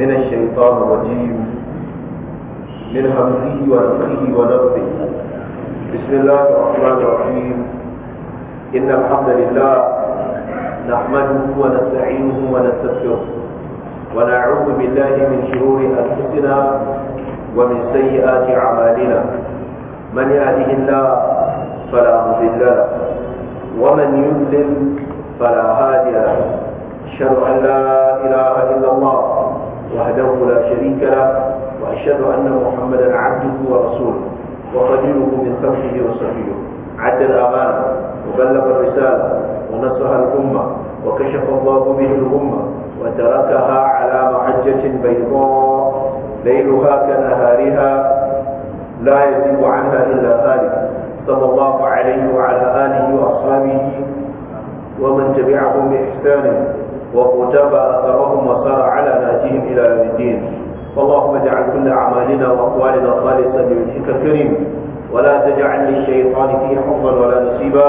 من الشيطان الرجيم من همزه ونفخه ونفخه بسم الله الرحمن الرحيم إن الحمد لله نحمده ونستعينه ونستغفره ونعوذ بالله من شرور أنفسنا ومن سيئات أعمالنا من يهده الله فلا مضل له ومن يضلل فلا هادي له أشهد أن لا إله إلا الله وحده لا شريك له وأشهد أن محمدا عبده ورسوله وقديره من خلقه وصفيه عد الأمانة وبلغ الرسالة ونصح الأمة وكشف الله به الأمة وتركها على محجة بيضاء ليلها كنهارها لا يزيد عنها إلا ذلك صلى الله عليه وعلى آله وأصحابه ومن تبعهم بإحسان وقتب أثرهم وسار على نهجهم إلى يوم الدين اللهم اجعل كل أعمالنا وأقوالنا خالصا لوجهك الكريم ولا تجعل للشيطان فيه حظا ولا نصيبا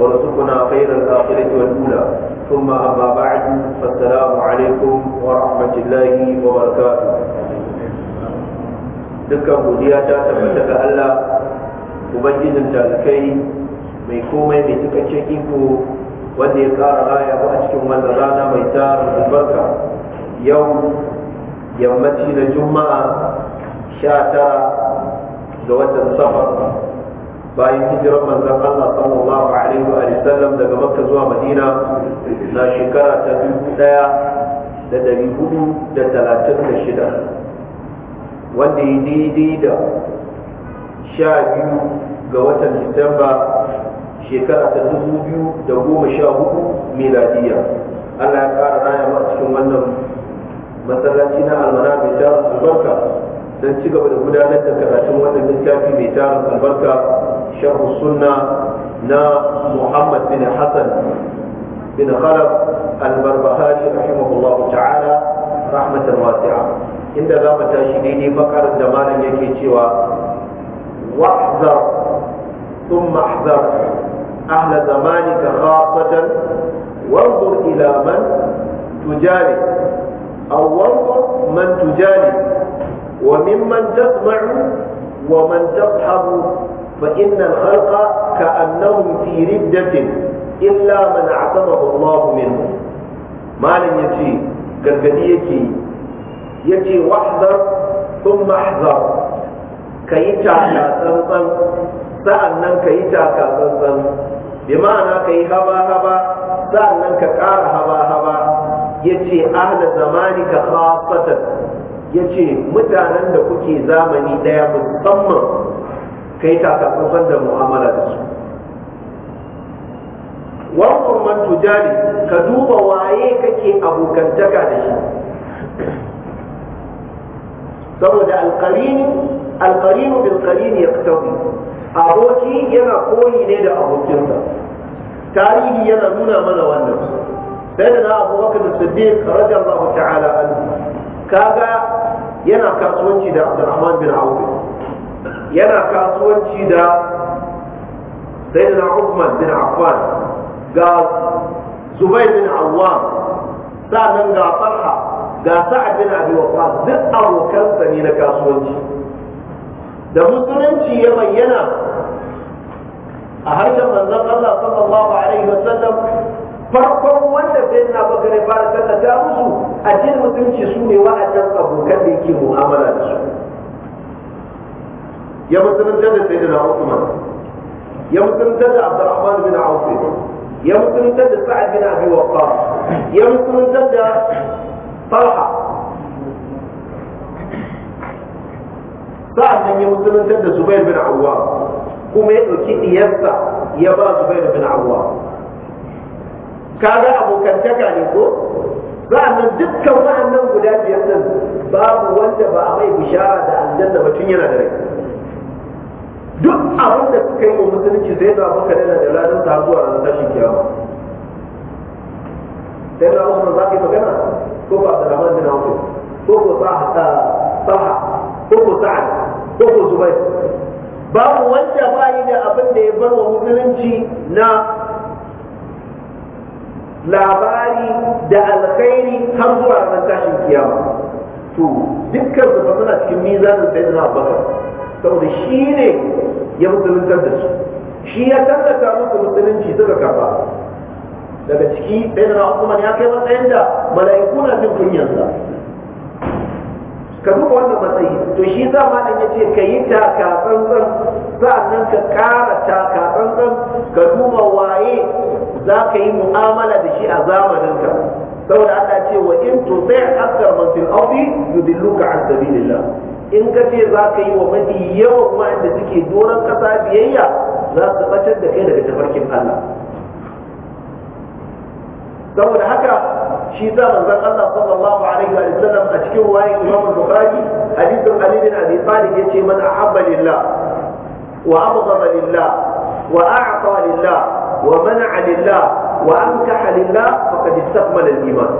وارزقنا خير الآخرة والأولى ثم أما بعد فالسلام عليكم ورحمة الله وبركاته dukkan godiya ta tabbata ga Allah ubangijin talikai mai komai mai cikakken iko wanda ya kara raya mu a cikin wannan rana mai tarin albarka yau yammaci na juma'a sha tara ga watan safar bayan hijirar manzon Allah sallallahu alaihi wa sallam daga Makka zuwa Madina na shekara ta dubu daya da dari hudu da talatin da shida wanda ya daidai da sha biyu ga watan Disamba shekara ta dubu biyu da goma sha hudu miladiya allah ya kara raya ma cikin wannan masallaci na almana mai tarin albarka don ci gaba da gudanar da karatun wannan littafi mai tarin albarka shahu sunna na muhammad bin hassan bin khalaf albarbahari rahimahullah ta'ala rahmatan wasi'a inda za mu tashi daidai bakar da malam yake cewa wahzar ثم احذر أهل زمانك خاصة وانظر إلى من تجالس أو وانظر من تجالس وممن تسمع ومن تصحب فإن الخلق كأنهم في ردة إلا من عصمه الله منه مالن يجي gargadi يجي yace واحذر ثم احذر كي ta sa'an nan ka yi zanzan bi ma'ana ka yi haba-haba sa'an nan ka ƙara haba-haba ya ce ahla zamani ka khasata ya ce mutanen da kuke zamani ɗaya musamman ka yi zanzan da mu'amala da su wankur man tujari ka duba waye kake abokantaka da shi saboda alƙarini alƙarinu bin ƙarini ya aboki yana koyi ne da abokinsa tarihi yana nuna mana wannan sai da na abubakar da siddiq radiyallahu ta'ala anhu kaga yana kasuwanci da abdurrahman bin auf yana kasuwanci da sayyidina uthman bin affan ga zubair bin awwam sannan ga farha ga sa'ad bin abi waqqas duk abokansa ne na kasuwanci da musulunci ya bayyana a harshen manzon Allah sallallahu alaihi wasallam farkon wanda sai na baka ne fara tallata musu addinin musulunci su ne wa'annan abokan da yake mu'amala da su ya musulunta da sayyidina Uthman ya musulunta da Abdurrahman bin Auf ya musulunta da Sa'ad bin Abi Waqqas ya musulunta da Talha sa'annan ya musuluntar da zubair bin awwa kuma ya ɗauki ɗiyarsa ya ba zubair bin awwa kaga abokantaka ne ko sa'annan dukkan waɗannan guda biyar nan babu wanda ba a mai bishara da aljanna ba tun yana da rai duk abin da suka yi wa musulunci sai da maka dana da ladan ta zuwa ranar tashin kiyama sai na Usman zaki magana ko ba da Rahman bin Auf ko ko sa'a sa'a ko ko sa'ad ko ko babu wanda ba yi da abin da ya bar wa musulunci na labari da alkhairi har zuwa ran tashin kiyama to dukkan su fa suna cikin mizanin da abubakar saboda shi ne ya musuluntar da su shi ya tallata musu musulunci suka kafa daga ciki sayyidina umar ya kai matsayin da malaikuna na jin kunyansa ka duba wannan matsayi to shi za ma ya ce ka yi taka tsantsan nan ka ƙara taka tsantsan ka duba waye za ka yi mu'amala da shi a zamaninka saboda Allah ce wa in tutai akthar man fil ardi yudilluka an sabilillah in ka ce za ka yi wa mafi kuma inda suke doron kasa biyayya za su bacar da kai daga tafarkin Allah saboda haka shi za Allah sallallahu hadisin ali bin abi talib yace man ahabba lillah wa abghada lillah wa a'ta lillah wa mana'a lillah wa ankaha lillah faqad istakmala al-iman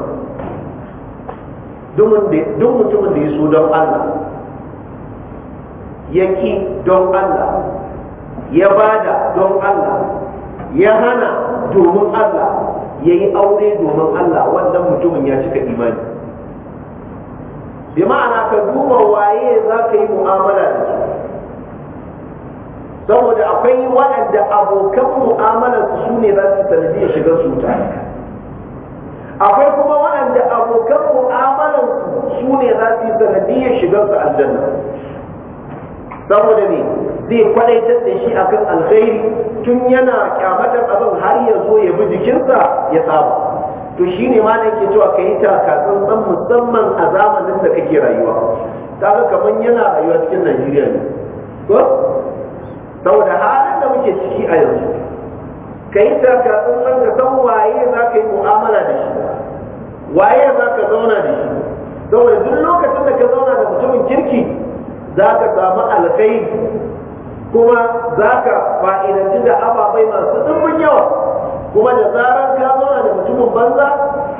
duk mutumin da ya so don Allah ya ki don Allah ya bada don Allah ya hana domin Allah ya yi aure domin Allah wannan mutumin ya cika imani bi ma'ana ka duba waye za ka yi mu'amala da su saboda akwai waɗanda abokan mu'amalar su ne za su sanadiyar shiga su ta akwai kuma waɗanda abokan mu'amalar su ne za su yi sanadiyar shigar su aljanna saboda ne zai kwadaitar da shi akan alkhairi tun yana kyamatar abin har ya zo ya bi jikinsa ya saba to shi ne malam ke cewa ka yi takatsan san musamman a zamanin da kake rayuwa kaga kaman yana rayuwa cikin Najeriya ne ko saboda halin da muke ciki a yanzu ka yi takatsan san ka san waye za ka yi mu'amala da shi waye za ka zauna da shi saboda duk lokacin da ka zauna da mutumin kirki za ka samu alkhairi kuma za ka fa'idanci da ababai masu ɗumbin yawa kuma da zarar ka zauna da mutumin banza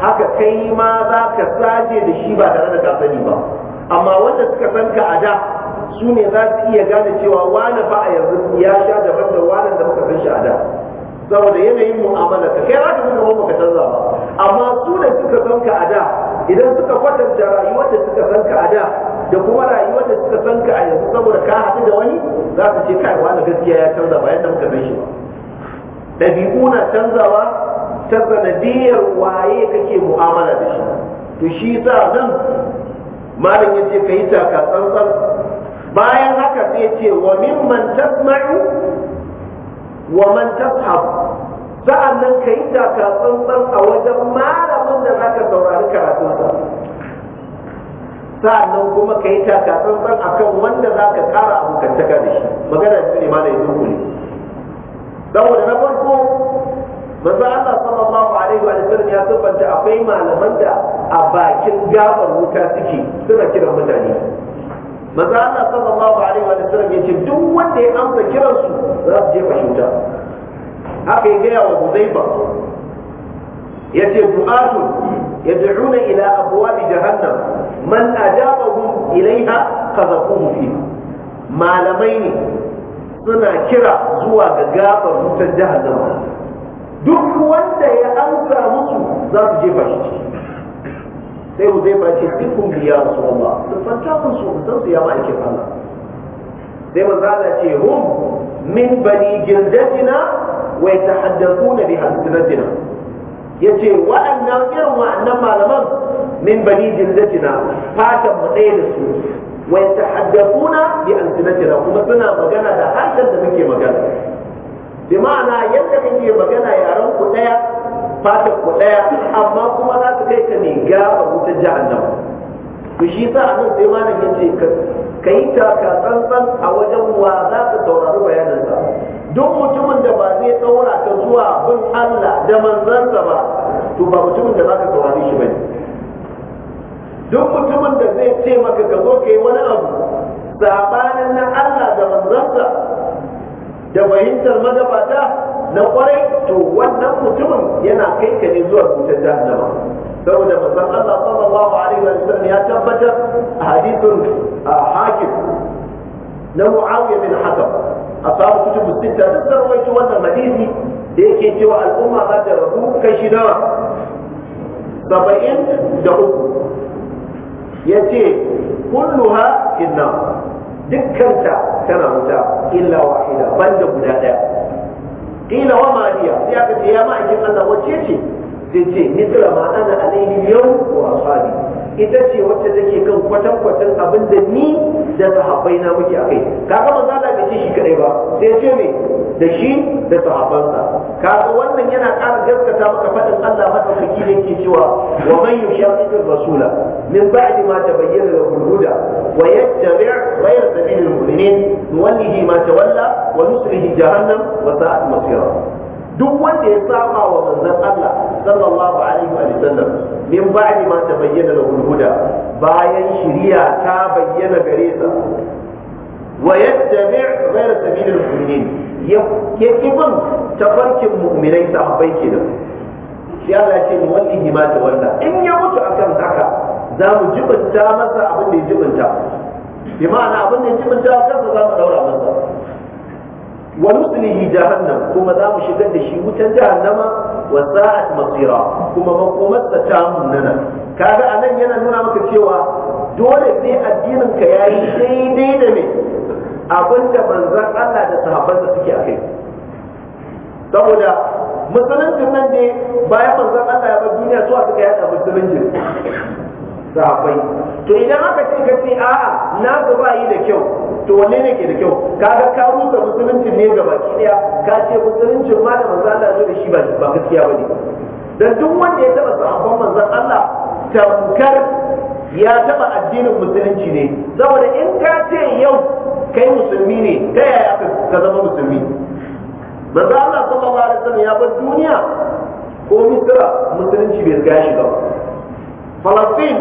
haka kai ma za ka sace da shi ba tare da ka sani ba amma wanda suka san ka a da su ne za su iya gane cewa wane ba a yanzu ya sha daban da wane da muka san shi a da saboda yanayin mu'amala ka kai za ka san canza ba amma su ne suka san ka a da idan suka kwatanta rayuwar da suka san ka a da da kuma rayuwar da suka san ka a yanzu saboda ka haɗu da wani za su ce kai wane gaskiya ya canza ba yadda muka san shi ba ɗabi'u na canzawa ta sanadiyar waye kake mu'amala da shi to shi sa nan malam yace ka yi taka tsantsan bayan haka sai ce wa mimman tasma'u wa man tashab nan ka yi taka tsantsan a wajen malamin da zaka saurari karatunsa nan kuma ka yi taka tsantsan akan wanda zaka kara abokantaka da shi magana ne malamin ya saboda na farko manzo Allah sallallahu alaihi wa sallam ya tabbata akwai malaman da a bakin gabar wuta suke suna kiran mutane manzo Allah sallallahu alaihi wa sallam ce, duk wanda ya amsa kiran su za su je wuta haka ya gaya wa Huzaifa yace du'atun yad'una ila abwab jahannam man ajabahum ilaiha kazaquhu fi. malamai ne suna kira zuwa ga gabar wutar jahannama duk wanda ya amsa musu za su jefa shi sai mu zai face dukkan biya su Allah da fattakun su mutan su ya ma'aikin Allah sai mu zala ce hum min bani girdatina wa yatahaddathuna bi hasratina yace wa'annan irin wa'annan malaman min bani girdatina fatan mu ɗaya da su wa yatahaddathuna bi alsinatina kuma suna magana da harshen da muke magana bi ma'ana yadda kake magana yaren ku daya fatar ku daya amma kuma za kai ka ne ga wutar jahannama to shi sa anan sai malam yace ka yi taka tsantsan a wajen wa za ka saurari bayaninsa duk mutumin da ba zai ɗaura ka zuwa bin Allah da manzansa ba to ba mutumin da za ka saurari shi bane duk mutumin da zai ce maka ka zo ka yi wani abu sabanin na Allah da manzansa da fahimtar magabata na kwarai to wannan mutumin yana kai ka ne zuwa cutar jahannama saboda manzon Allah sallallahu alaihi wa sallam ya tabbatar a hadithun hakim na Muawiya bin Hakam ashabu kutubu sita duk sarwaito wannan hadisi da yake cewa al'umma za ta rabu kashi nawa saba'in da uku ya ce kulluha inna dukkanta tana wuta illa wahida banda guda daya qila wa Mariya? hiya sai aka ce ya ma'aikin Allah wacce ce sai ce mithla ma ana alaihi yau wa ashabi ita ce wacce take kan kwatankwatan abinda abin da ni da sahabbai na muke akai kaga manzo Allah bai ce shi kadai ba sai ce me da shi da sahabansa kaga wannan yana ƙara gaskata maka faɗin Allah madaukaki da yake cewa wa man yushaqiqi rasula min ba'd ma tabayyana lahu al-huda wa yattabi' ghayra sabili al-mu'minin nuwallihi ma tawalla wa nuslihi jahannam wa sa'at masira duk wanda ya saba wa manzon Allah sallallahu alaihi wa sallam min ba'di ma tabayyana lahu al-huda bayan shari'a ta bayyana gare sa wa yattabi ghayra sabilil mu'minin ya kibin tafarkin mu'minai sahabbai kenan sai Allah ce mu wallahi ma ta walla in ya mutu akan haka za mu jibinta masa abin da ya jibinta bi ma'ana abin da ya jibinta kansa za mu daura masa wa nuslihi jahannam kuma za mu shigar da shi wutan jahannama wa sa'at masira kuma makomarsa ta munana yana nuna maka cewa dole sai addinin ka yayi daidai da abinda manzan Allah da sahabbansa suke a kai saboda musuluncin nan ne bayan manzan Allah ya bar duniya su a suka yada musuluncin sahabbai to idan aka ce ka ce a'a na gaba yi da kyau to wanne ne ke da kyau kaga ka rusa musuluncin ne ga baki daya ka ce musuluncin ma da manzan Allah zo da shi ba ba gaskiya bane dan duk wanda ya taba sahabban manzan Allah tamkar ya taba addinin musulunci ne saboda in ka ce yau kai musulmi ne ta yaya ka zama musulmi manzo Allah sallallahu alaihi wasallam ya bar duniya ko Misra musulunci bai ga shi ba Falastin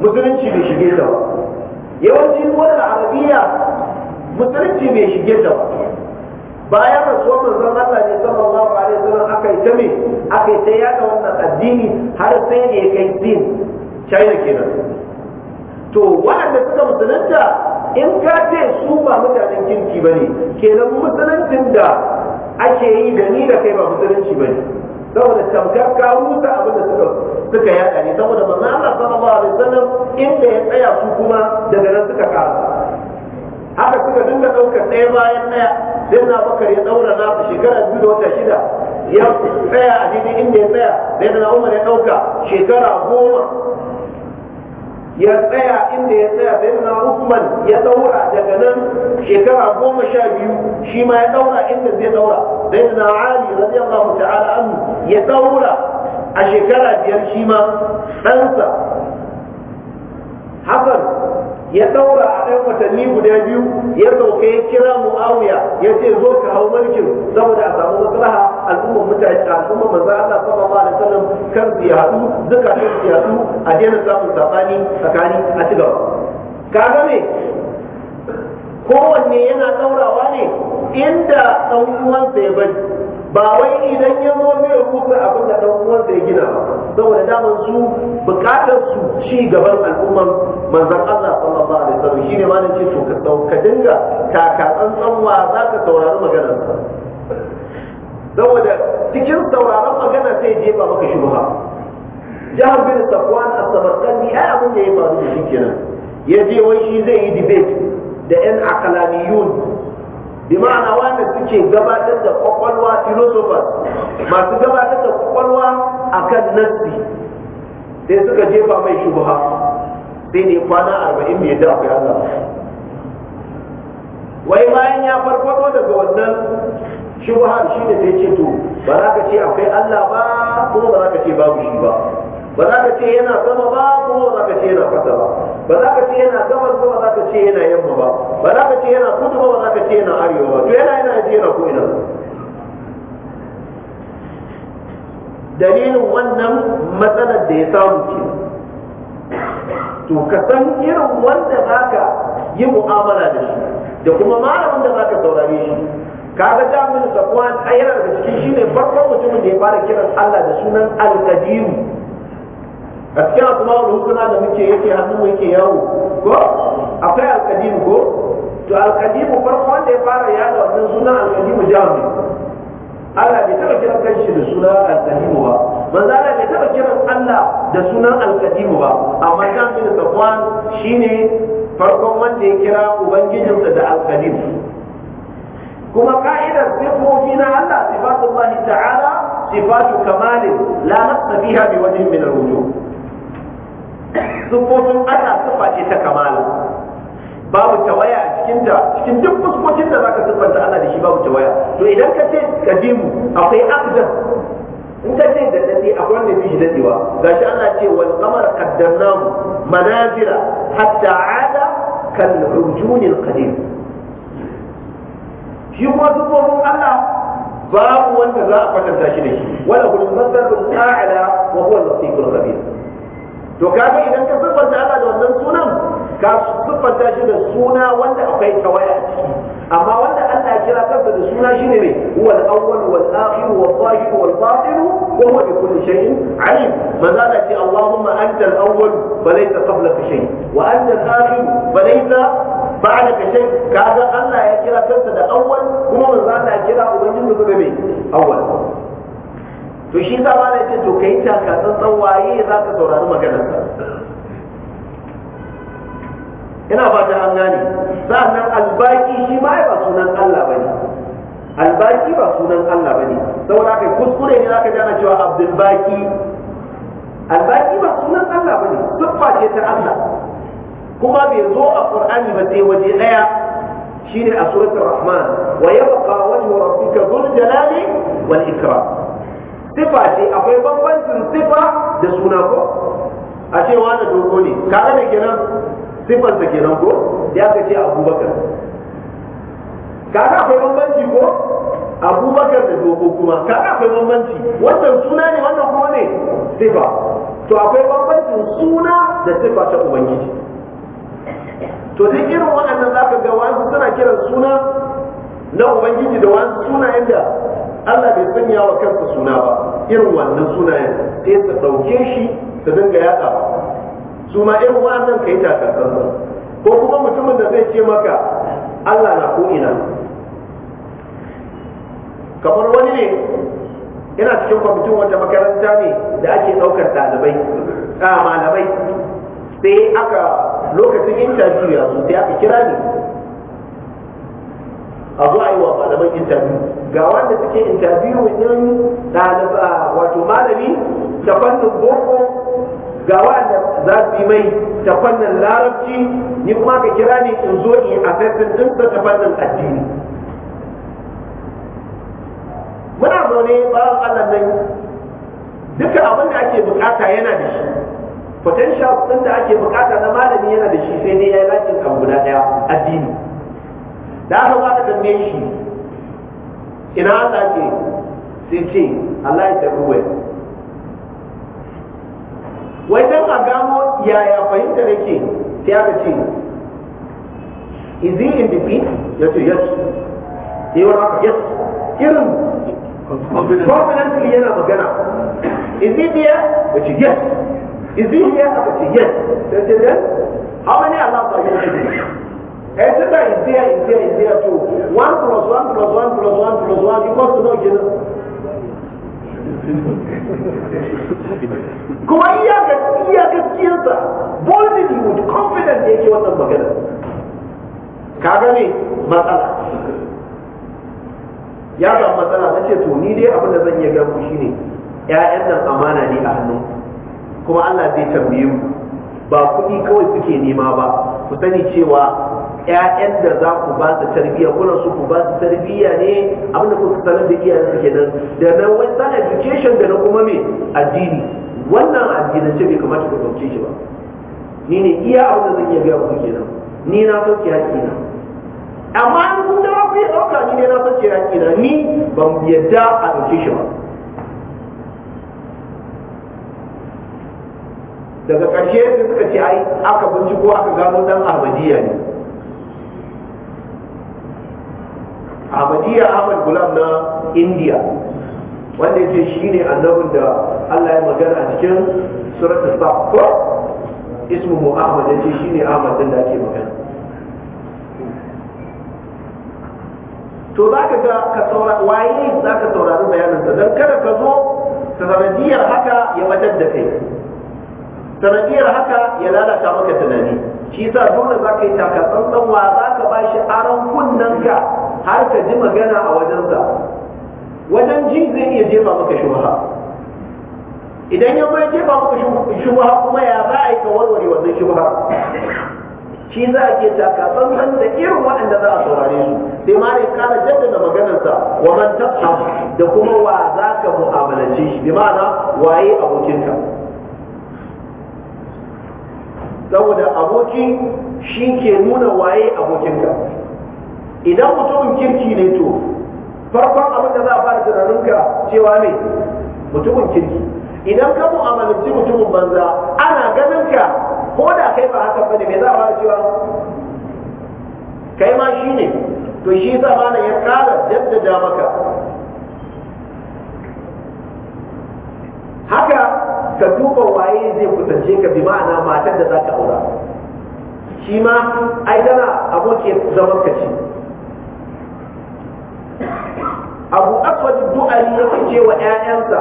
musulunci bai shige ta ba yawanci wannan Arabiya musulunci bai shige ta ba bayan rasuwar manzon Allah ne sallallahu alaihi wasallam aka yi ta me aka yi ta yada wannan addini har sai ne ya kai din China kenan to waɗanda suka musulunta in ka ce su ba mutanen kirki ba ne kenan musuluncin da ake yi da ni da kai ba musulunci ba ne saboda tamkar ka rusa abin da suka suka yaɗa ne saboda na Allah sallallahu alaihi wasallam inda ya tsaya su kuma daga nan suka kara haka suka dinga daukar ɗaya bayan ɗaya sai na bakar ya daura na shekara biyu da wata shida ya tsaya a daidai inda ya tsaya sai na umar ya ɗauka shekara goma ya tsaya inda ya tsaya sai na Usman ya daura daga nan shekara goma sha biyu shi ma ya daura inda zai daura sai na Ali radiyallahu ta'ala anhu ya daura a shekara biyar shi ma ɗansa Hassan ya daura a ɗan watanni guda biyu ya sauke ya kira Muawiya ya ce zo ka hau mulkin saboda a samu maslaha al'umma mutane al'umma manzo Allah sallallahu alaihi wasallam kan su hadu zakatun su a daina samun sabani tsakani a ci gaba kaga me kowanne yana daurawa ne inda dan uwansa ya bari ba wai idan ya zo mai abinda abin da dan ya gina ba saboda daman su bukatar su ci gaban al'umman manzon Allah sallallahu alaihi wasallam shine ma ce to ka dinga taka tsantsan wa zaka saurari maganarsa. saboda cikin sauraron magana sai jefa maka shubha Jahar bin safwan a samarkandi ai abin da ya faru da shi kenan ya je wai shi zai yi debate da yan akalaniyun bi ma'ana wanda suke gabatar da kwakwalwa philosophers masu gabatar da kwakwalwa akan nassi sai suka jefa mai shubha sai ne kwana arba'in mai da akwai Allah wai bayan ya farfado daga wannan shubha shi ne sai ce to ba za ka ce akwai Allah ba kuma ba za ka ce babu shi ba ba za ka ce yana sama ba kuma ba za ka ce yana kasa ba ba za ka ce yana gabas ba ba za ka ce yana yamma ba ba za ka ce yana kudu ba ba za ka ce yana arewa ba to yana yana yana ko ina dalilin wannan matsalar da ya samu ke to ka san irin wanda za ka yi mu'amala da shi da kuma malamin da za ka saurare shi kaga jamin zakwan ayyana da cikin shi ne farkon mutumin da ya fara kiran Allah da sunan al-qadir a cikin wani hukuna da muke yake hannu mu yake yawo ko akwai al-qadir ko to al-qadir farkon wanda ya fara yawo wannan sunan al-qadir jamin Allah bai taba kiran kanshi da sunan al-qadir ba manzo Allah bai taba kiran Allah da sunan al-qadir ba amma jamin zakwan shine farkon wanda ya kira ubangijinsa da al-qadir kuma ka'idar sifofi na Allah sifatullahi ta'ala sifatu kamalin la nafsa fiha bi wajhin min al-wujuh sifofin Allah sifa ce ta kamala babu tawaya a cikin da cikin duk fuskokin da zaka siffanta Allah da shi babu tawaya to idan ka ce kadimu akwai aqdam in ka ce da dadi akwai wanda bi shi dadewa gashi Allah ce wal qamar qaddarnahu manazira hatta ada kal ujuni al qadim shi kuma sufofin Allah babu wanda za a kwatanta shi da shi wala hul masalul a'la wa huwa al-latiful khabir to kaga idan ka siffanta Allah da wannan sunan ka siffanta shi da suna wanda akwai tawaya a ciki amma wanda Allah ya kira kansa da suna shine ne huwa al-awwal wal akhir wal zahir wal batin wa huwa bi kulli shay'in alim maza da ce Allahumma anta al-awwal fa laysa qablaka shay wa anta al-akhir fa ma'ana kashe kaga Allah ya kira kansa da awwal kuma manzo Allah ya kira ubangiji da me awwal to shi sa ma ne to kai ta ka tsantsan waye za ka saurari maganar ina ba ta an gane sa'annan albaki shi ma ba sunan Allah bane albaki ba sunan Allah bane saboda kai kuskure ne zaka gane cewa abdul baki albaki ba sunan Allah bane siffa ce ta Allah kuma bai zo a qur'ani ba sai waje daya shine a suratul rahman wa yabqa wajhu rabbika dhul jalali wal ikram sifa ce akwai bambancin sifa da suna ko a ce wani doko ne kaga da kenan sifan ta kenan ko ya ka ce abubakar kaga akwai bambanci ko abubakar da doko kuma kaga akwai bambanci wannan suna ne wannan kuma ne sifa to akwai bambancin suna da sifa ta ubangiji to duk irin waɗannan za ka ga wasu suna kiran suna na ubangiji da wasu sunayen da Allah bai sanya wa kansa suna ba irin wannan sunayen sai su ɗauke shi su dinga yaɗa ba su ma irin wa'annan ka yi takatsantsan ko kuma mutumin da zai ce maka Allah na ko ina kamar wani ne yana cikin kwamitin wata makaranta ne da ake ɗaukar ɗalibai malamai sai aka lokacin interview ya zo sai aka kira ni a zuwa yi wa malaman interview ga wanda suke interview da ɗaliba wato malami ta fannin boko ga wanda za su yi mai ta fannin larabci ni kuma ka kira ni in zo in a fesin ɗinsa ta fannin addini muna zaune bayan allah nan duka abin da ake bukata yana da shi potential sun da ake bukata na malami yana da shi sai dai ya yi lakin kan guda daya addini da aka ba da dambe shi ina Allah ke sai ce Allah ya tafi wai wai don a gano yaya fahimta ke sai aka ce izi in dafi ya ce yes yi wani aka yes irin confidently yana magana izi biya ya ce yes is he here aka ce yes sai ce then how many Allahs are you taking eh is there is there is there to one plus one plus one plus one plus one equals to no kenan kuma iya iya gaskiyarsa boldly with confidence yake wannan magana ka gane matsala ya ga matsala na ce to ni dai abin da zan iya gamu shine 'ya'yan nan amana ne a hannunku kuma Allah zai tambaye mu ba kuɗi kawai kuke nema ba ku sani cewa ƴaƴan da za ku ba su tarbiyya kuna su ku ba su tarbiyya ne abinda kuka sanar da iyayen su kenan da na western education da na kuma me addini wannan addinance bai kamata ku ɗauke shi ba ni ne iya abin da zan iya gaya muku kenan ni na ki haƙi na amma in kun da ku yi ɗauka ni ne na ki haƙi na ni ban yadda a ɗauke shi ba daga ƙarshe da suka ce ai aka binciko aka gano dan ahmadiyya ne ahmadiyya ahmad gulam na india wanda yake shi ne annabin da allah ya magana a cikin surat saf ko ismu ahmad ya ce shi ne ahmad din da ake magana to za ka ga ka saurari waye za ka saurari bayanin don kada ka zo ta sanadiyar haka ya wajen da kai sanadiyar haka ya lalata maka tunani shi sa dole za ka yi takatsantsan wa za ka ba shi aron kunnanka har ka ji magana a wajensa wajen ji zai iya jefa maka shubha idan ya bai jefa maka shubha kuma ya za a yi ka warware wannan shubha shi za a ke takatsantsan da irin waɗanda za a saurare su sai ma ne kara jaddada maganarsa wa man tashab da kuma wa za ka mu'amalance shi bi ma'ana waye abokinka saboda aboki shi ke nuna waye abokinka idan mutumin kirki ne to farkon abin da za a fara tunaninka cewa ne mutumin kirki idan ka mu'amalanci mutumin banza ana ganin ka ko da kai ba haka bane me za a fara cewa kai ma shi ne to shi sa ya kara jaddada maka haka ka duba waye zai kusance ka bi ma'ana matar da za ka aura shi ma ai tana abokin zaman ka ce abu aswad du'ali yake ce wa ƴaƴansa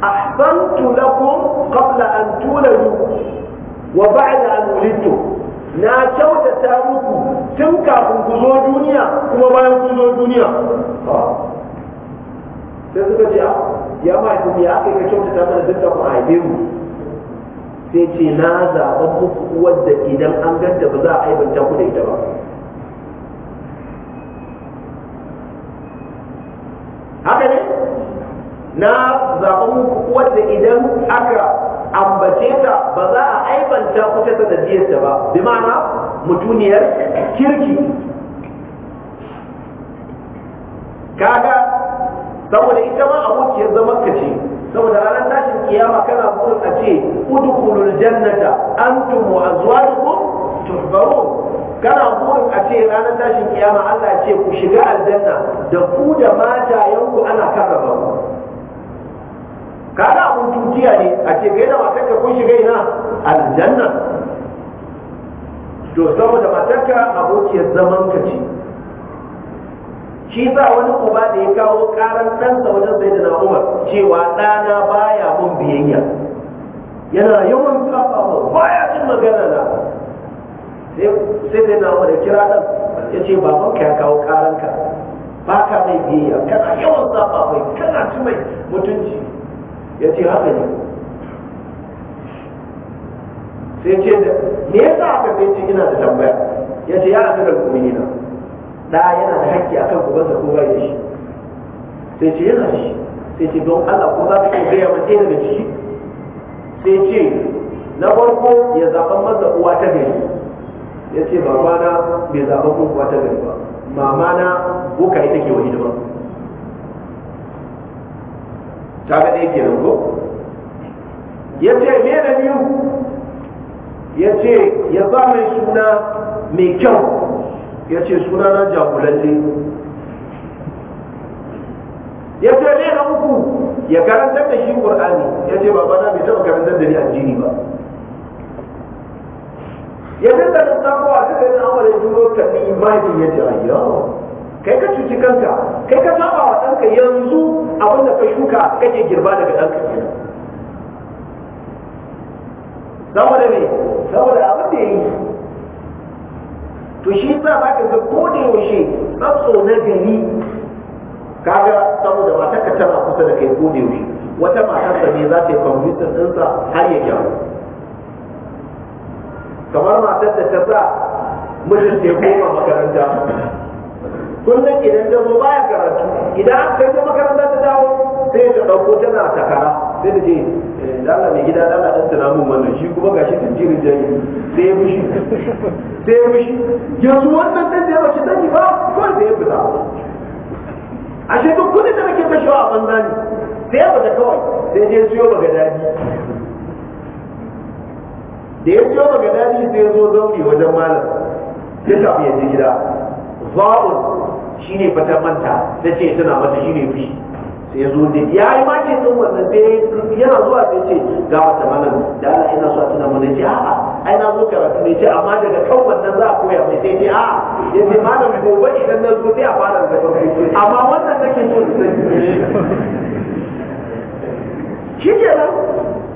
ahsantu lakum qabla an tuladu wa ba'da an wulidtu na kyautata muku tun kafin ku zo duniya kuma bayan ku zo duniya sai suka ce ah, ya ya aka yi kyautata mana dukkan mu mu sai ce na zaɓa muku da idan an ganta ba za a aibanta ku da ita ba haka ne na zaɓa muku idan aka ambace ta ba za a aibanta ku ta sanadiyarta ba bi ma'ana mutuniyar kirki kaga saboda ita ma abokiyar zaman ka ce saboda ranar tashin kiyama kana burin a ce udkhulul jannata antum wa azwajukum tuhbarun kana burin a ce ranar tashin kiyama Allah ya ce ku shiga aljanna da ku da matayenku ana karraba ku Kada abun tutiya ne a ce kai da matarka kun shiga ina aljanna to saboda matarka abokiyar zaman ka ce shi sa wani uba da ya kawo karan ɗansa wajen sai da umar cewa ɗana baya mun biyayya yana yawan kafa mu baya cin magana na sai da na umar ya kira ɗan ya ce babanka ya kawo karan ka ba ka mai biyayya kana yawan zafa mai kana ci mai mutunci ya ce haka ne sai ce da me yasa aka sai ce ina da tambaya ya ce ya da kuminina da yana da hakki akan ubansa ko bai da shi sai ce yana shi sai ce don Allah ko za ka iya gaya mace daga ciki sai ce na farko ya zaɓan maza uwa ta gari ya ce babana bai zaɓan mun uwa ta gari ba mamana boka ita ke wa hidima ta ga ɗaya kenan ko ya ce me da biyu ya ce ya ba mai suna mai kyau ya ce suna na jagulalle ya ce ne na uku ya karantar da shi ƙur'ani ya ce babana bai taɓa karantar da ni jini ba ya dinga da samuwa ta kai na amara ya duro ka bi mahaifin ya ce a gida kai ka cuci kanka kai ka saba wa ɗanka yanzu abin da ka shuka kake girba daga ɗanka kenan saboda ne saboda abin da ya yi to shi sa za ka ga ko da yaushe tsatso na gani kaga saboda matar ka tana kusa da kai ko da yaushe wata sa ne za ta yi kwamfutar ɗinsa har ya gyaru kamar matar da ta sa mijinta ya koma makaranta kullum idan ta zo baya karatu idan aka kai ta makaranta ta dawo sai ta ɗauko tana takara sai ta ce eh, lala mai gida lala ɗan tana mun wannan shi kuma gashi ta jirin jari sai ya fushi sai ya fushi yanzu wannan ɗan da ya bace sani ba kawai sai ya fita a duk kudin da nake kashewa a banza ne sai ya fita kawai sai je siyo ba ga daji da ya siyo maga daji sai ya zo zauri wajen malam ya tafi ya gida za'un Shi ne fata manta ta ce tana mata ne fushi sai zo da ya yi ce din wannan sai yana zuwa sai ce ga wata mana da Allah ina so a mana ce a'a ai na zo karatu ne ce amma daga kan wannan za a koya mai sai ce a'a ya ce malam gobe idan na zo sai a fara da farko amma wannan nake so da sani shi nan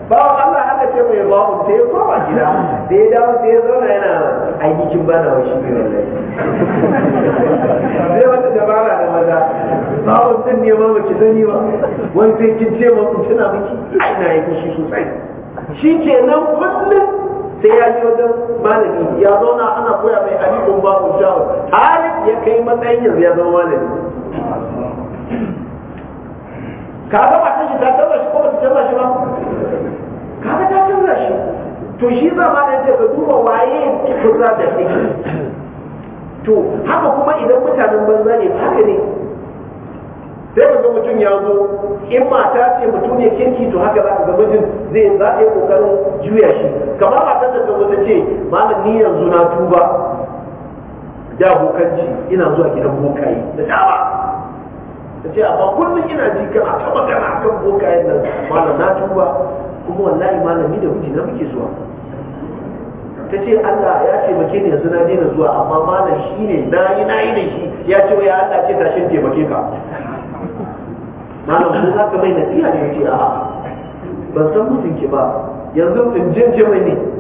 bawan Allah haka ce mai bawon ta ya koma gida da ya dawo ta ya zauna yana aikin bana wa shi ne wallahi sai wata dabara da maza bawon sun nema maki zani ba wani sai kin ce ma kun tana miki ai na yi kishi sosai shi ke nan kullum sai ya yi wajen malami ya zauna ana koya mai alikun babu shawar halin ya kai matsayin yanzu ya zama malami ka ga ta shi ta taba shi ko ba ta taba shi ba kaga ta canza shi to shi za ma ce ka duba waye kusa da shi to haka kuma idan mutanen banza ne haka ne sai ka ga mutum ya zo in mata ce mutum ne kirki to haka za ka ga mijin zai za a yi kokarin juya shi kamar matar da ta ta ce malam ni yanzu na tuba da bokanci ina zuwa gidan bokaye da dama ta ce amma kullum ina ji kana ta magana akan bokayen nan malam na tuba kuma wallahi malami da wuce na muke zuwa ta ce Allah ya mace ne yanzu na dina zuwa amma malam shi ne na yi na yi da shi ya ce wai Allah ce tashin taimake ka malam ko za ka mai nasiha ne ya ce a ban san mutunki ba yanzu in je mai ne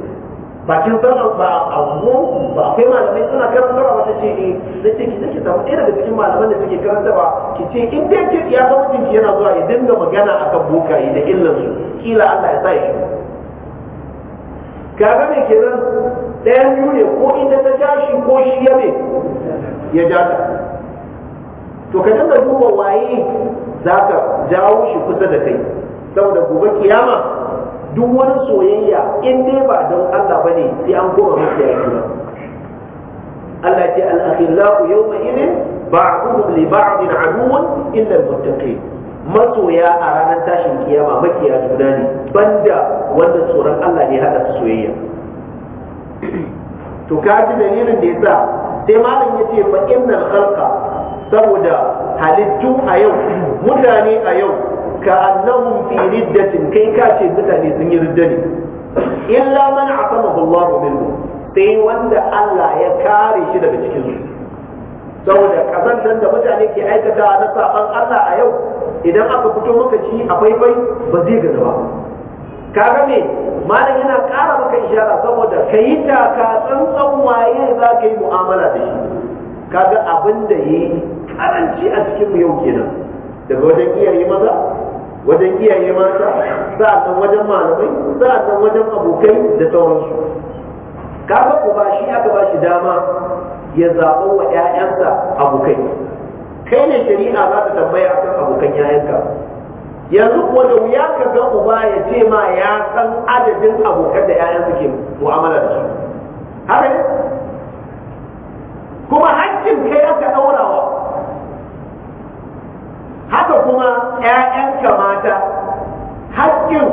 Bakin kin ba a mu ba akwai malamai suna karantarwa wata ce ne eh, na ce ki ki samu ɗaya daga cikin malaman da suke ba, ki ce in dai ki ya ga mutum ki yana zuwa ya dinga magana akan bokaye da illan su kila Allah ya sa ya kaga me kenan ɗayan biyu ne ko inda ta ja shi ko shi ya ne ya ja ta to ka dinga duba waye za ka jawo shi kusa da kai saboda gobe kiyama duk wani soyayya in dai ba don Allah bane sai an koma mutu ya kira Allah ce al-akhillahu yawma idin ba'dhum li ba'din aduwwan illa al-muttaqin masoya a ranar tashin kiyama makiya juna ne banda wanda tsoron Allah ne hada su soyayya to ji dalilin da yasa sai malam ce fa innal khalqa saboda halittu a yau mutane a yau ka annahum fi riddatin kai ka ce mutane sun yi ridda illa man asamahu Allahu minhu sai wanda Allah ya kare shi daga cikin su saboda dan da mutane ke aikata na saban Allah a yau idan aka fito maka shi akwai faifai ba zai gaza ba kaga me malam yana ƙara maka shara saboda ka yi taka tsantsan waye za ka yi mu'amala da shi kaga abin da ya yi karanci a cikin yau kenan daga wajen iyaye maza wajen iyaye mata san wajen malamai san wajen abokai da sauransu kaga ku ba shi aka ba shi dama ya zaɓo wa 'ya'yansa abokai kai ne shari'a za ta tambaya kan abokan 'ya'yanka yanzu kuwa da wuya ka ga uba ya ce ma ya san adadin abokan da 'ya'yansa ke mu'amala da su haka kuma hakkin kai aka ɗaurawa haka kuma 'ya'yanka mata hakkin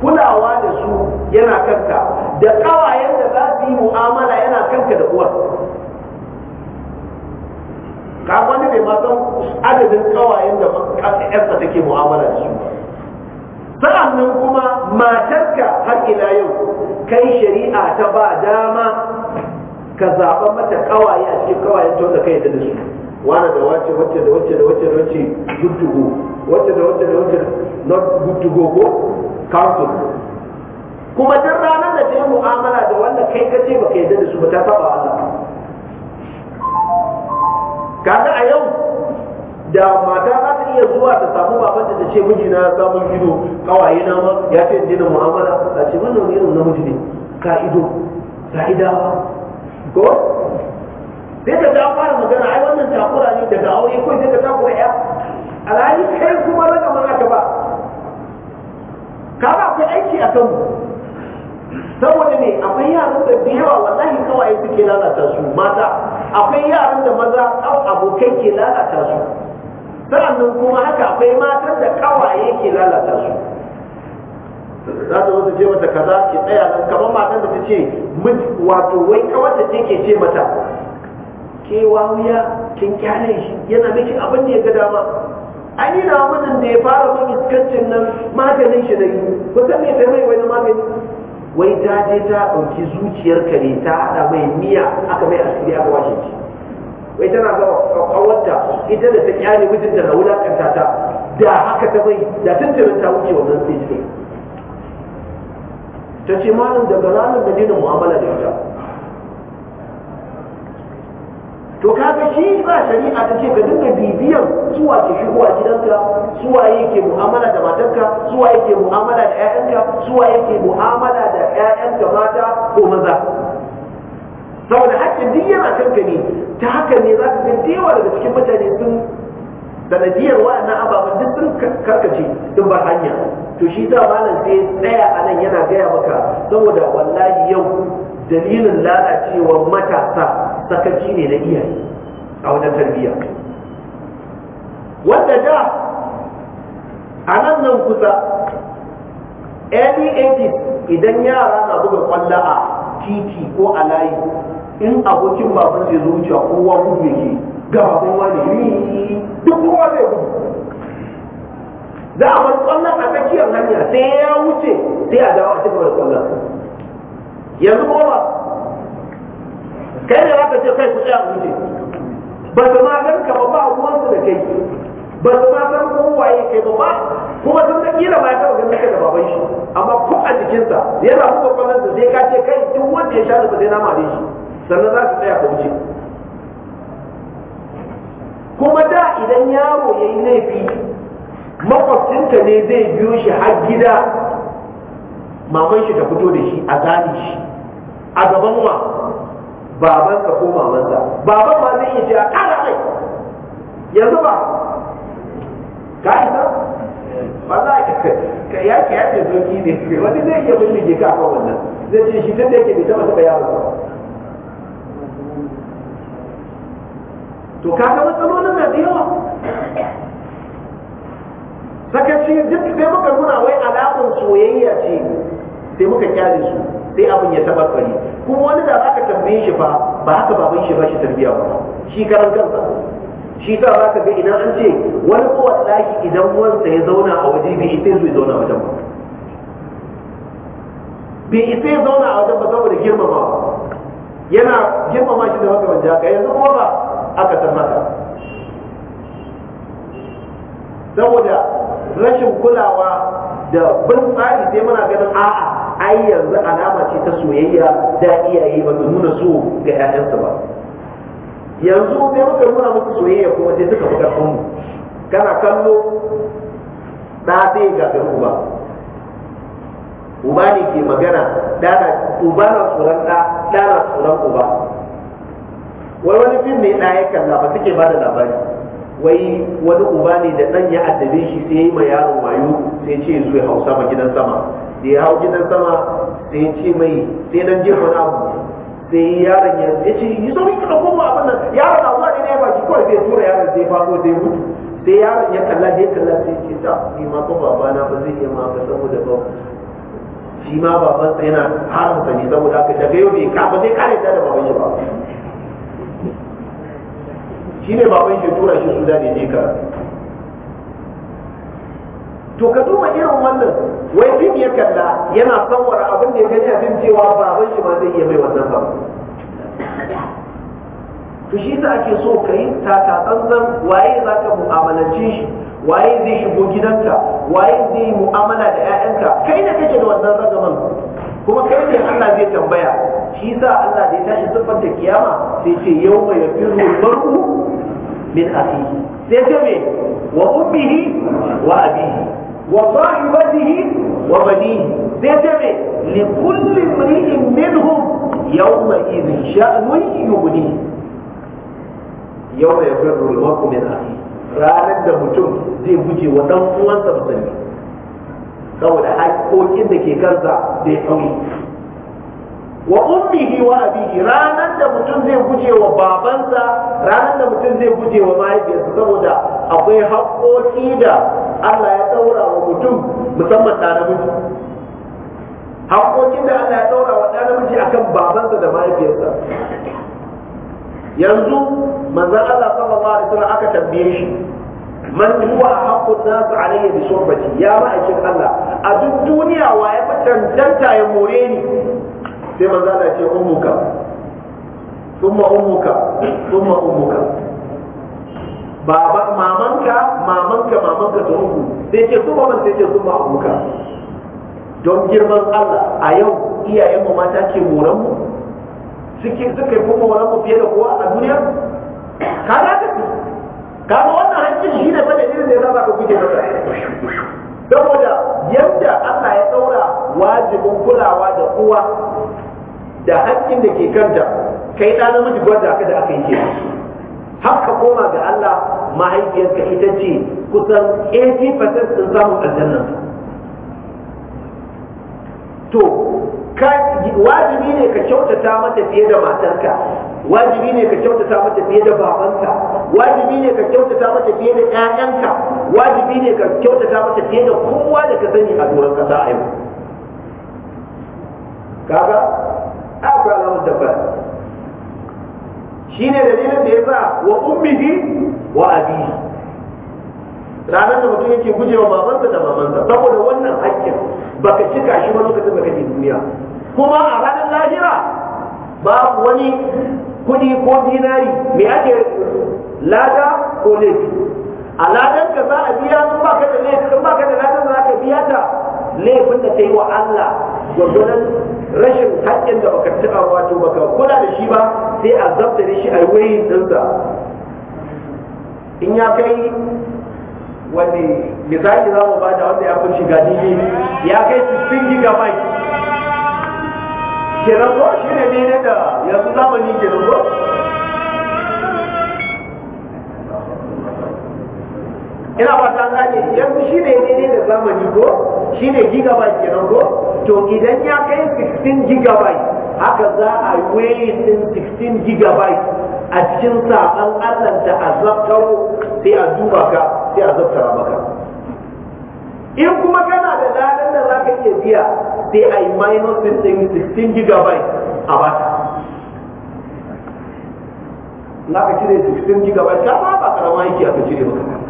kulawa da su yana kanka da ƙawayen da za su yi mu'amala yana kanka da uwar ka wani mai ma adadin ƙawayen da ƴarsa take mu'amala da su sa'annan kuma matarka har ila yau kai shari'a ta ba dama ka zaɓa mata ƙawaye a cikin ƙawayen ta wanda kai da su wane da wace wace da wace da wace da wace good wace da wace da wace not good ko council kuma duk ranar da ta yi mu'amala da wanda kai ka ce baka yarda da su ba ta saba Allah kaga a yau da mata za ta iya zuwa ta samu babanta ta ce mijina na samu gido kawaye na ma ya ce in na mu'amala ta ce wannan irin namiji ne ka ido ka idawa ko sai ka ta fara magana ai takura ne daga aure ko daga takura ya alhali kai kuma raga man aka ba kaga akwai aiki a kanmu saboda ne akwai yaran da da yawa wallahi kawai suke lalata su mata akwai yaran da maza abokai ke lalata su nan kuma haka akwai matan da kawaye ke lalata su za ta wata ce mata kaza ke tsaya nan kamar matan da ta ce wato wai kawata ce ke ce mata ke wawiya kin kyale shi yana miki abin da ya ga dama an yi na mutum da ya fara min iskancin nan maganin shi da yi ko san me sai mai wani magani wai ta je ta ɗauki zuciyar kare ta haɗa mai miya aka mai asiri aka washe shi wai tana ga kawarta ita da ta kyale mijinta na wulakanta ta da haka ta mai da tuntunin ta wuce wannan stage ta ce malam daga ranar da dina mu'amala da ita to kaga shi ba shari'a ta ce ka dinga bibiyan suwa ke shigowa gidanka suwa yake mu'amala da matarka suwa yake mu'amala da 'ya'yanka suwa yake mu'amala da 'ya'yanka mata ko maza saboda haƙƙin duk yana kanka ne ta haka ne za ka ga yawa daga cikin mutane sun sanadiyar waɗannan ababen duk sun karkace duk ba hanya to shi sa malam sai tsaya a nan yana gaya maka saboda wallahi yau dalilin lalacewar matasa sakaci ne na iyaye a wajen tarbiyya wanda da a nan nan kusa early 80s idan yara na buga kwalla a titi ko a layi in abokin baban sai zuciya kowa gudu yake ga wani ne duk kowa zai bu. za a bar kwallon a tsakiyar hanya sai ya wuce sai a dawo a cikin bar kwallon yanzu kuma kai ne zaka ce kai ku tsaya ku ba su ma san ka ba ba ruwansu da kai ba su ma san ko waye kai ba ba kuma sun san kila ma ya taba ganin da baban shi amma ko a jikinsa yana buga kwanan da sai ka ce kai duk wanda ya sha da sai nama mare shi sannan za ka tsaya ka wuce kuma da idan yaro ya yi laifi makwabcinka ne zai biyo shi har gida maman shi ta fito da shi a gane shi a gaban wa Baban ka ko mamansa baban ma zai yi a kara kai yanzu ba ka isa ba za ka ya ke ya ce zoki ne wani zai iya bindige ka ko wannan zai ce shi tunda yake bai taba taba yaro ba to ga matsalolin na da yawa sakaci duk sai muka nuna wai alaƙun soyayya ce sai muka kyale su sai abin ya tabarbare Kuma wani da zaka tambaye shi fa ba haka baban shi ba shi tarbiya ba shi karan kansa shi sa zaka ga idan an ce wani ko wallahi idan wansa ya zauna a waje bai isa zai zauna wajen ba bai isa ya zauna a wajen ba saboda girmamawa yana girmama shi da makamanci haka yanzu kuma ba aka san maka saboda rashin kulawa da bin tsari sai muna ganin a'a ai yanzu alama ce ta soyayya da iyaye ba su nuna so ga 'ya'yansu ba yanzu sai muka nuna musu soyayya kuma sai suka fi mu kana kallo ɗa zai gagari uba uba ne ke magana ɗana uba na tsoron ɗa ɗa tsoron uba wai wani fim ne ɗa ya kalla ba suke ba da labari wai wani uba ne da ɗan ya addabe shi sai ya yi ma yaro mayu sai ce zuwa hausa ma gidan sama da ya hau gidan sama sai ce mai sai dan jin wani abu sai yaron ya ya ce yi so ka kuma mu abin nan yaron na zuwa ne ya baki kawai sai tura yaron sai fado zai mutu sai yaron ya kalla zai kalla sai ce ta ni ma ko baba na ba zai yi ma ba saboda ba shi ma babansa yana haramta ne saboda haka daga yau bai ka ba zai kare ta da baban ya ba shi ne baban shi tura shi su da ne ne karatu to ka duba irin wannan wai fim ya kalla yana sanwara abin da ya gani a fim cewa baban shi ma zai iya mai wannan ba to shi sa ake so ka yi taka tsantsan waye za ka mu'amalance shi waye zai shigo gidanka waye zai yi mu'amala da 'ya'yanka kai ne kake da wannan ragaman kuma kai ne Allah zai tambaya shi sa Allah da ya tashi siffar da kiyama sai ce yau mai yafiru barku min akhihi sai ce me wa ummihi wa abihi وصاحبته وبنيه سيتمي لكل امرئ منهم يومئذ شأن يغنيه يوم يفر المرء من أخيه ranar da mutum zai guje wa dan uwansa musulmi saboda haƙoƙin da ke kansa zai ɗauki wa ummihi wa abihi ranar da mutum zai guje wa babansa ranar da mutum zai guje wa mahaifiyarsa saboda akwai haƙoƙi da Allah ya ɗaura wa mutum musamman ɗa namiji haƙoƙin da Allah ya ɗaura wa ɗa namiji akan babansa da mahaifiyarsa yanzu manzo Allah sallallahu alaihi wasallam aka tambaye shi man huwa haqqun nas alayhi bi shurbati ya ma'aikin Allah a duk duniya wa ya fi ya more ni sai manzo Allah ce umuka thumma umuka thumma umuka baba mamanka mamanka mamanka ta uku sai ce kuma man sai ce thumma umuka don girman Allah a yau iyayenmu mata ke moran mu suke suke kuma moran mu fiye da kowa a duniya ka ga ka kaga wannan hancin shi ne bane irin da ya saba ka kuke masa saboda yadda Allah ya daura wajibin kulawa da uwa da haƙƙin da ke kanta kai ɗa namiji gwada ka da aka yi ke haka koma ga Allah mahaifiyarka ita ce kusan 80% sun samun aljanna to wajibi ne ka kyautata mata fiye da matarka wajibi ne ka kyautata mata fiye da babanka wajibi ne ka kyautata mata fiye da ƴaƴanka wajibi ne ka kyautata mata fiye da kowa da ka sani a doron ƙasa a yau kaga akwai alamun Shi ne dalilin da ya sa wa ummihi wa abihi ranar da mutum yake guje wa babansa da mamansa saboda wannan hakkin baka cika shi ba lokacin da kake duniya kuma a ranar lahira ba wani kudi ko dinari mai ake lada ko laifi a ladan ka za a biya in ka da laifin ka da ladan za ka biya ta laifin da ta yi wa Allah gwargwadon rashin haƙƙin da baka taɓa wato baka kula da shi ba sai a zabta da shi a yi dinsa in ya kai wani misali za mu bada wanda ya kunshi shiga dini ya kai cikin gigabyte kenan ko shi ne ne da yanzu zamani kenan ko ina ba ta gane yanzu shi ne daidai da zamani ko shi ne gigabyte kenan ko to idan ya kai 16 gigabyte haka za a yi wayin din 16 gigabyte a cikin saban allah da azabtaro sai a duba ka sai a zabtara maka in kuma kana da ladan da za ka iya biya sai a yi minus din 16 gigabyte a bata za ka cire 16 gigabyte ka ba ba karama yake aka cire maka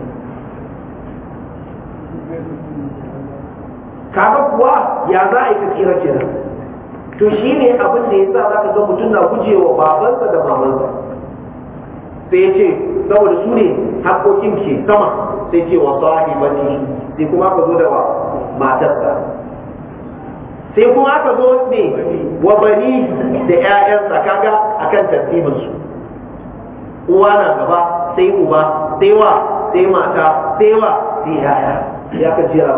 kaga kuwa ya za a yi tsira kenan to shi ne abin da ya sa za ka ga mutum na gujewa babansa da mamansa sai ya ce saboda su ne haƙoƙin ke sama sai ce wa sahibati sai kuma ka zo da wa matarsa sai kuma ka zo ne wa bani da 'ya'yansa kaga akan tartibin su uwa na gaba sai uba sai wa sai mata sai wa sai 'ya'ya ya ka jera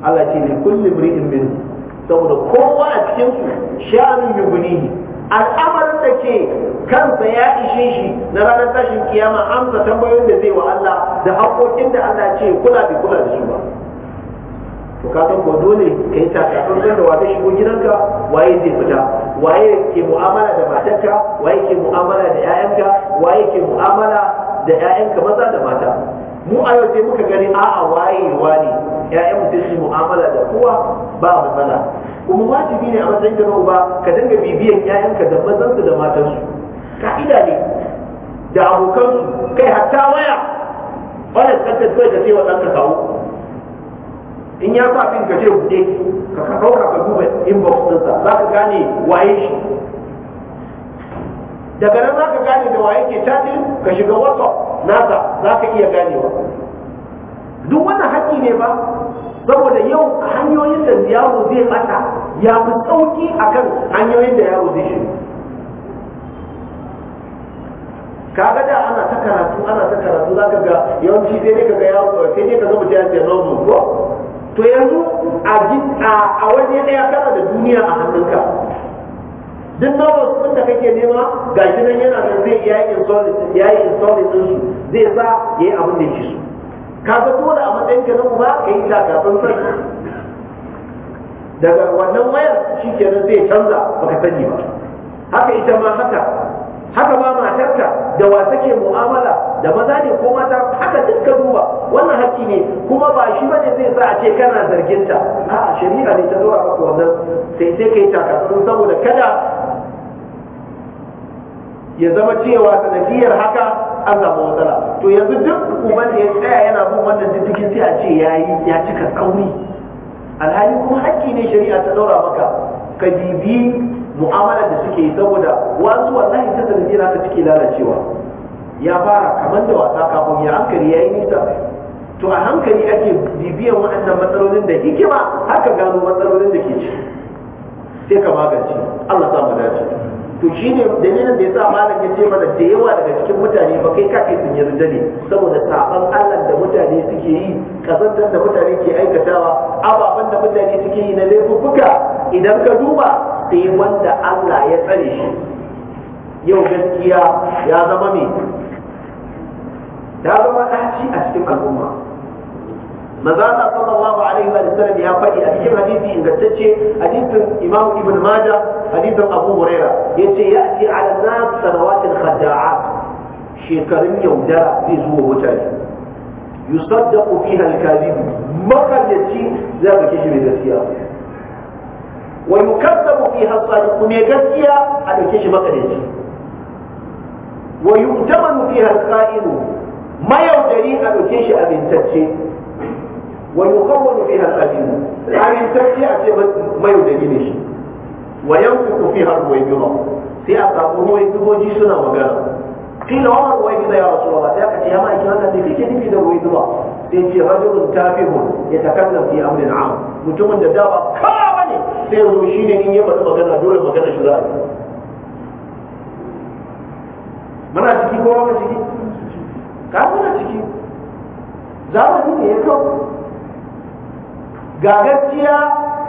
Allah ce ne kullum ri'in min saboda kowa a cikin su sha'anin yubunihi al'amarin da ke kansa ya ishe shi na ranar tashin kiyama amsa tambayoyin da zai wa Allah da haƙoƙin da Allah ce kula bi kula da su ba to ka san ko dole kai ta ka san da wata shigo gidanka waye zai fita waye ke mu'amala da matarka waye ke mu'amala da 'ya'yanka waye ke mu'amala da 'ya'yanka maza da mata mu a yau sai muka gani a'a wayewa ne ya'yan sai su mu'amala da kowa ba matsala kuma wajibi ne a matsayin ka ba ka dinga bibiyan 'ya'yanka da mazansu da matansu ka'ida ne da abokansu kai hatta waya wanda tsakar kawai ta ce wa ɗanka kawo in ya sa fin ka ce buɗe ka kauka ka duba inbox ɗinsa za ka gane waye shi daga nan zaka gane da waye ke chatting ka shiga whatsapp nasa zaka iya ganewa duk wanda haƙƙi ne ba saboda yau hanyoyin da yawo zai bata ya fi sauki akan hanyoyin da yawo zai shiga kaga da ana ta karatu ana ta karatu zaka ga yawanci sai ne kaga yaro sai ne kaga mutum ya ce novel ko to yanzu a a waje ɗaya kana da duniya a hannunka duk novels ɗin da kake nema ga shi nan yana nan zai iya yin installing ɗin su zai sa ya yi abin da ya ci su kaga dole a matsayin ka na uba ka yi takatsan san daga wannan wayar shi kenan zai canza baka sani ba haka ita ma haka haka ma matarka da wa take mu'amala da maza ne ko mata haka duka duba wannan haƙƙi ne kuma ba shi ba ne zai sa a ce kana zargin ta a'a shari'a ne ta dora maka wannan sai sai kai taka saboda kada ya zama cewa sanadiyar haka an zama matsala to yanzu duk uban da ya tsaya yana bin wannan diddigin sai a ce ya yi ya cika tsauni alhali kuma haƙƙi ne shari'a ta ɗaura maka ka bibi mu'amala da suke yi saboda wasu wallahi ta sanadiyar haka take lalacewa ya fara kamar da wasa kafin ya hankali ya yi nisa to a hankali ake bibiyan waɗannan matsalolin da hikima haka gano matsalolin da ke ci sai ka magance Allah sa mu dace to shi ne dalilin da ya sa malam ya ce mana da yawa daga cikin mutane ba kai kake sun yi ne saboda saban allah da mutane suke yi kazantar da mutane ke aikatawa ababen da mutane suke yi na laifuffuka idan ka duba yi wanda allah ya tsare shi yau gaskiya ya zama mai Ta zama ɗaci a cikin al'umma maza sallallahu alaihi wa sallam ya faɗi a cikin hadisi ingantacce hadisin imam ibn majah حديث أبو هريرة يتي يأتي على الناس سنوات خداعات شيكرين يودا في زوه وتاج يصدق فيها الكاذب ما كان يتي ذا كيجي من السياق ويكذب فيها الصادق من يجسيا على كيجي ما كان يتي ويؤتمن فيها الخائن ما يودري على كيجي أبن تتي ويخون فيها الخائن أبن تتي أتي ما يودري نشي wa yanfuku fiha ruwaybira sai a samu ruwaybiroji suna magana kila wa ruwaybira ya rasulullah sai aka ce ya ma'aikin Allah ne kake nufi da ruwaybira sai ce rajulun tafihun ya takallam fi amrin am mutumin da daba ka bane sai yanzu shine in ya faɗi magana dole magana shi za a yi muna ciki ko muna ciki ka muna ciki zamani ne ya kawo ga gaskiya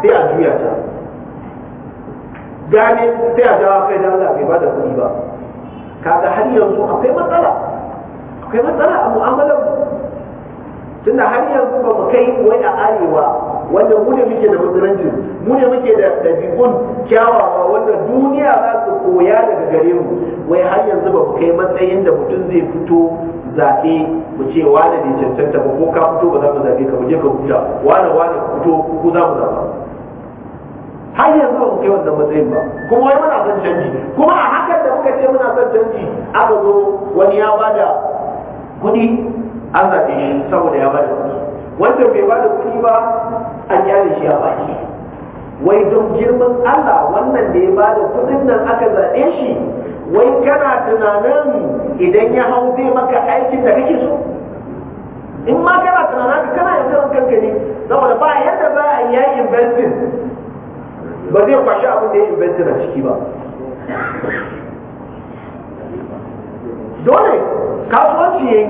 sai a juya ta gane sai a jawa kai da Allah bai bada kuɗi ba kaga har yanzu akwai matsala akwai matsala a mu'amalar tunda har yanzu ba mu kai wai a arewa wanda mu ne muke da musulunci mu ne muke da ɗabi'un kyawawa wanda duniya za su koya daga gare mu wai har yanzu ba mu kai matsayin da mutum zai fito zaɓe mu ce wane ne cancanta ba ko ka fito ba za mu zaɓe ka mu je ka huta wane wane fito ko za mu zaɓa har yanzu ba kai wannan matsayin ba kuma wai muna son canji kuma a hakan da muka ce muna son canji aka zo wani ya bada kuɗi an zaɓe shi saboda ya bada kuɗi wanda bai bada kuɗi ba an kyale shi a baki wai don girman Allah wannan da ya bada kuɗin nan aka zaɓe shi wai kana tunanin idan ya hau zai maka aikin da kake so in ma kana tunanin kana yanzu kanka ne saboda ba yadda ba a yayin investing ba zai kwashi abin da ya investi na ciki ba dole kasuwanci ya yi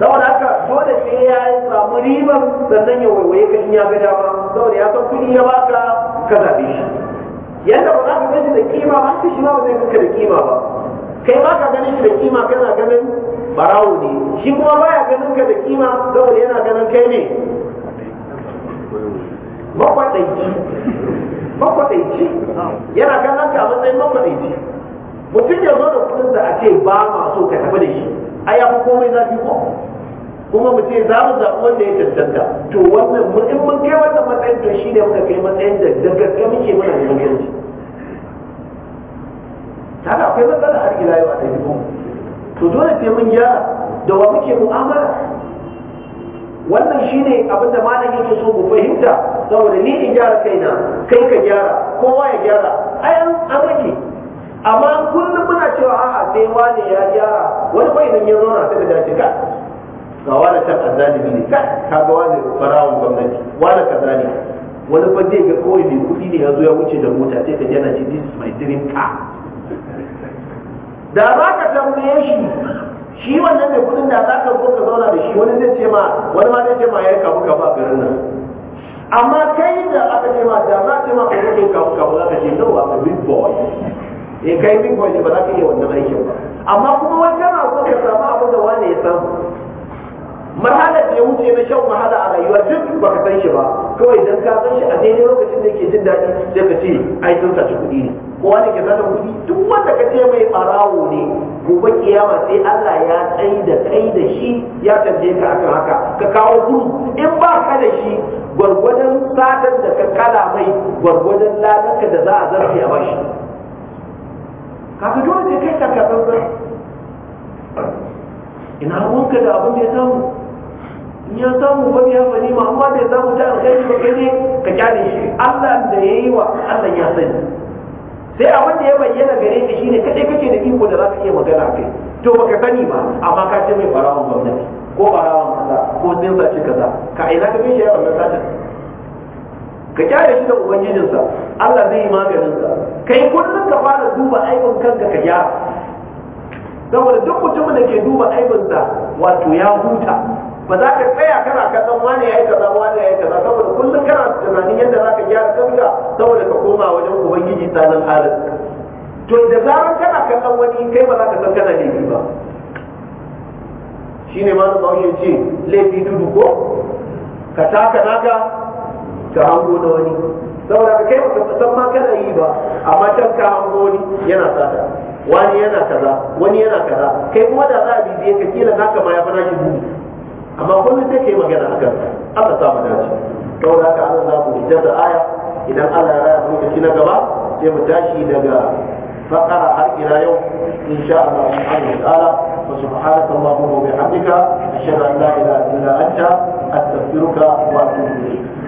da aka, dole ne ya yi samu ribar sannan ya waiwaye ka in ya ga dama da ya san kudi ya baka ka zaɓe shi yadda ba za ka gani da kima ba shi ba zai ganka da kima ba kai ba ka ganin shi da kima kana ganin barawo ne shi kuma ya ganin ka da kima da yana ganin kai ne makwaɗaiki makwadaici yana ganin ka a matsayin makwadaici mutum ya zo da kudin da a ce ba ma so ka tafi da shi a ya fi komai zafi ko kuma mu ce za mu zaɓi wanda ya cancanta to wannan mu in mun kai wannan matsayin to shi ne muka kai matsayin da gaggaga muke mana da mutunci haka akwai matsala har ila yau a ɗabi'un to dole sai mun gyara da wa muke mu'amala wannan shi ne abinda malam yake so mu fahimta saboda ni in gyara kaina kai ka gyara kowa ya gyara ai an rage amma kullum muna cewa aha sai wane ya gyara wani bai nan ya zauna sai da dace ka ga wani can azzalimi ne ka ka ga wani farawon gwamnati wani kaza ne wani fa zai ga kawai mai kuɗi ne ya zo ya wuce da mota sai ka yana ce this is my dream car da za ka tambaye shi shi wannan mai kuɗin da za ka zo ka zauna da shi wani zai ce ma wani ma zai ce ma ya yi ka ba garin nan amma kai da aka ce ma da za ce ma ka kake kawo kawo za ka ce no I'm ka big boy eh kai big boy ne ba za ka iya wannan aikin ba amma kuma wani kana so ka samu abin da wani ya samu mahalar da ya wuce na shan wahala a rayuwa duk ba ka san shi ba kawai dan ka san shi a daidai lokacin da yake jin daɗi sai ka ce ai sun saci kuɗi ne kowa ne ke sata kuɗi duk wanda ka ce mai barawo ne gobe kiyama sai Allah ya tsai da kai da shi ya tambaye ka akan haka ka kawo gudu in ba ka da shi gwargwadon satar da ka kala mai gwargwadon ladanka da za a zarfi a bashi kafin dole sai kai ka kasan ina ruwanka da abin da ya samu ya samu wani ya fani ma amma bai samu ta alkhairi ba ne ka kyale shi Allah da ya yi wa Allah ya sani sai a wanda ya bayyana gare ka shine kaje kake da iko da za ka iya magana kai to baka sani ba amma ka ce mai barawan gwamnati ko barawan kaza ko dinsa ce kaza ka aina ka bishe ya wannan satin ka kyale shi da ubangijinsa Allah zai yi maganinsa kai kullum ka fara duba aibin kanka ka gyara saboda duk mutumin da ke duba aibinsa wato ya huta ba za ka tsaya kana kallon wani yayi kaza wani yayi kaza saboda kullum kana tunanin yadda za ka gyara kanka saboda ka koma wajen ubangiji sanan halin to da zarar kana kallon wani kai ba za ka san kana laifi ba shine malam bahaushe ce laifi dudu ko ka taka naka ka hango na wani saboda ka kai baka san ma kana yi ba amma can ka hango wani yana sata wani yana kaza wani yana kaza kai kuma da za a bibiye ka kila naka ma ya fi nashi dudu amma kullum sai ka magana a kan ta samu dace kawai da haka ana za mu fitar da aya idan allah ya raya lokaci na gaba sai mu tashi daga fakara har ila yau in sha allah in allah ya ala wa subhanaka allahumma wa bihamdika ashhadu an la ilaha illa anta astaghfiruka wa atubu ilayk